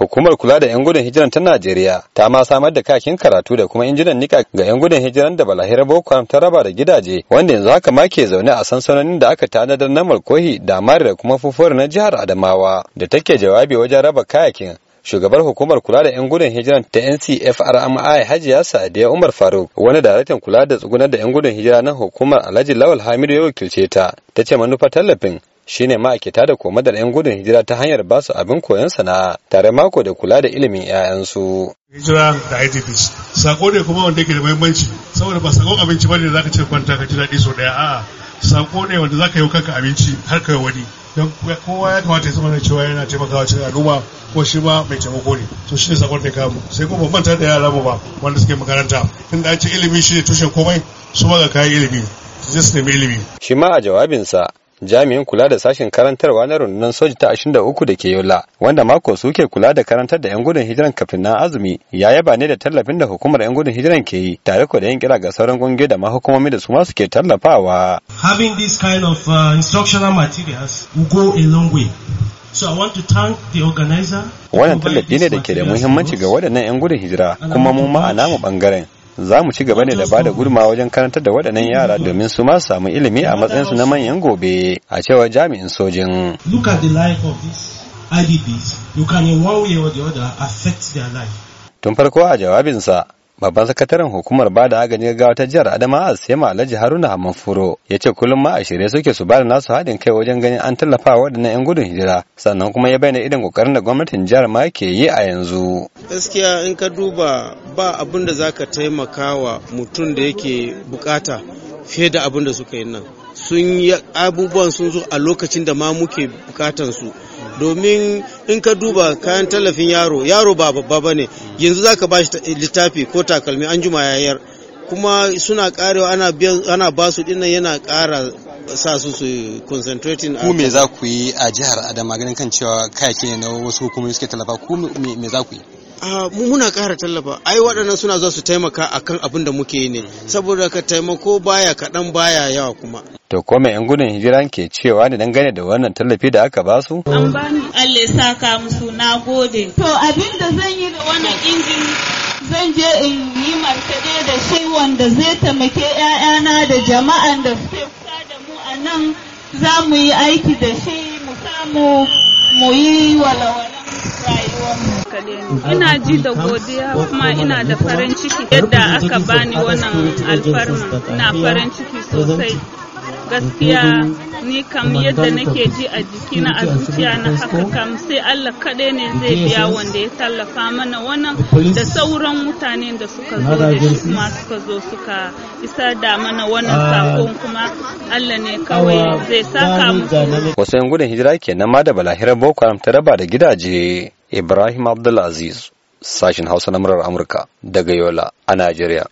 hukumar kula da 'yan gudun hijiran ta Najeriya ta ma samar da kakin karatu da kuma injinan nika ga 'yan gudun hijiran da balahira Boko ta raba da gidaje wanda yanzu haka ma ke zaune a sansanonin da aka tanadar na Malkohi da Mari da kuma Fufuwar na jihar Adamawa da take jawabi wajen raba kayakin shugabar hukumar kula da 'yan gudun hijiran ta ncfrmi hajiya sadiya umar faruk wani daraktan kula da tsugunar da 'yan gudun hijira na hukumar alhaji lawal hamidu ya wakilce ta ta ce manufar tallafin shine ma'aikata da komadar 'yan gudun hijira ta hanyar ba su abin koyon sana'a tare mako da kula da ilimin 'ya'yansu. Hijira da IDPs sako ne kuma wanda yake da muhimmanci saboda ba sakon abinci bane da zaka ce kwanta ka ji daɗi sau ɗaya a'a sako ne wanda zaka yi kanka abinci har yi wani don kowa ya kamata ya zama cewa yana taimakawa cikin al'umma ko shi ma mai taimako ne to shi ne sakon da kamu sai kuma manta da yara mu ba wanda suke makaranta inda an ce ilimi shi ne tushen komai su ma ga kayan ilimi su nemi ilimi. shi ma a jawabinsa jami'in kula da sashen karantarwa na rundunar soji ta 23 da ke yola wanda mako suke kula da karantar da 'yan gudun hijiran kafin na azumi ya yaba ne da tallafin da hukumar 'yan gudun hijiran ke yi tare da yin kira ga sauran gungiyoyi da ma da su ma suke tallafawa. Having this kind of uh, instructional materials will go a long way. So I want to thank the organizer. Wannan tallafi ne da ke da muhimmanci ga waɗannan 'yan gudun hijira kuma mu ma a namu ɓangaren. za mu ci gaba ne da ba da gudunmawa wajen karantar da waɗannan yara domin su ma samu ilimi a matsayinsu na manyan gobe a cewar jami'in sojin. Tun farko a jawabinsa, babban sakataren hukumar ba da agajin ga ta jihar adama sema alhaji haruna hamanfuro ya ce kullum ma a shirye suke su bada nasu haɗin kai wajen ganin an tallafa waɗannan 'yan gudun hijira sannan kuma ya bayyana irin kokarin da gwamnatin jihar ma ke yi a yanzu gaskiya in ka duba ba abin da zaka taimaka wa mutum da yake bukata fiye da abin da suka yi nan sun yi abubuwan sun zo a lokacin da ma muke bukatan su domin in ka duba kayan tallafin yaro yaro ba babba ba ne yanzu za ka ba shi littafi ko takalmi an juma yayar kuma suna karewa ana ba su dinnan yana kara sa su su concentrating ku me za ku yi a jihar adama ganin kan cewa kayaki ne na wasu hukumomi suke tallafa ku me za ku yi Ah, mu muna ƙara tallafa ai waɗannan suna za su taimaka akan abin da muke yi ne saboda ka taimako baya kaɗan baya yawa kuma to ko mai yan gudun hijira ke cewa ne dangane da wannan tallafi da aka ba su an ni Allah ya saka musu na gode to abin da zan yi da wannan injin zan je in yi markaɗe da shi wanda zai taimake 'ya'yana da jama'an da suke da mu a nan za mu yi aiki da shi mu samu mu yi walawala Ina ji da godiya kuma ina da farin ciki yadda aka bani wannan alfarma. Ina farin ciki sosai. Gaskiya ni kam yadda nake ji a jikina a zuciya na haka kam sai Allah kaɗai ne zai biya wanda ya tallafa mana wannan da sauran mutanen da suka zo da shi kuma suka zo suka isa da mana wannan sakon kuma Allah ne kawai zai saka musu. Wasu 'yan gudun hijira kenan ma da balahirar Boko Haram ta raba da gidaje. Ibrahim Abdulaziz, sashin Hausa na murar Amurka daga Yola a Najeriya.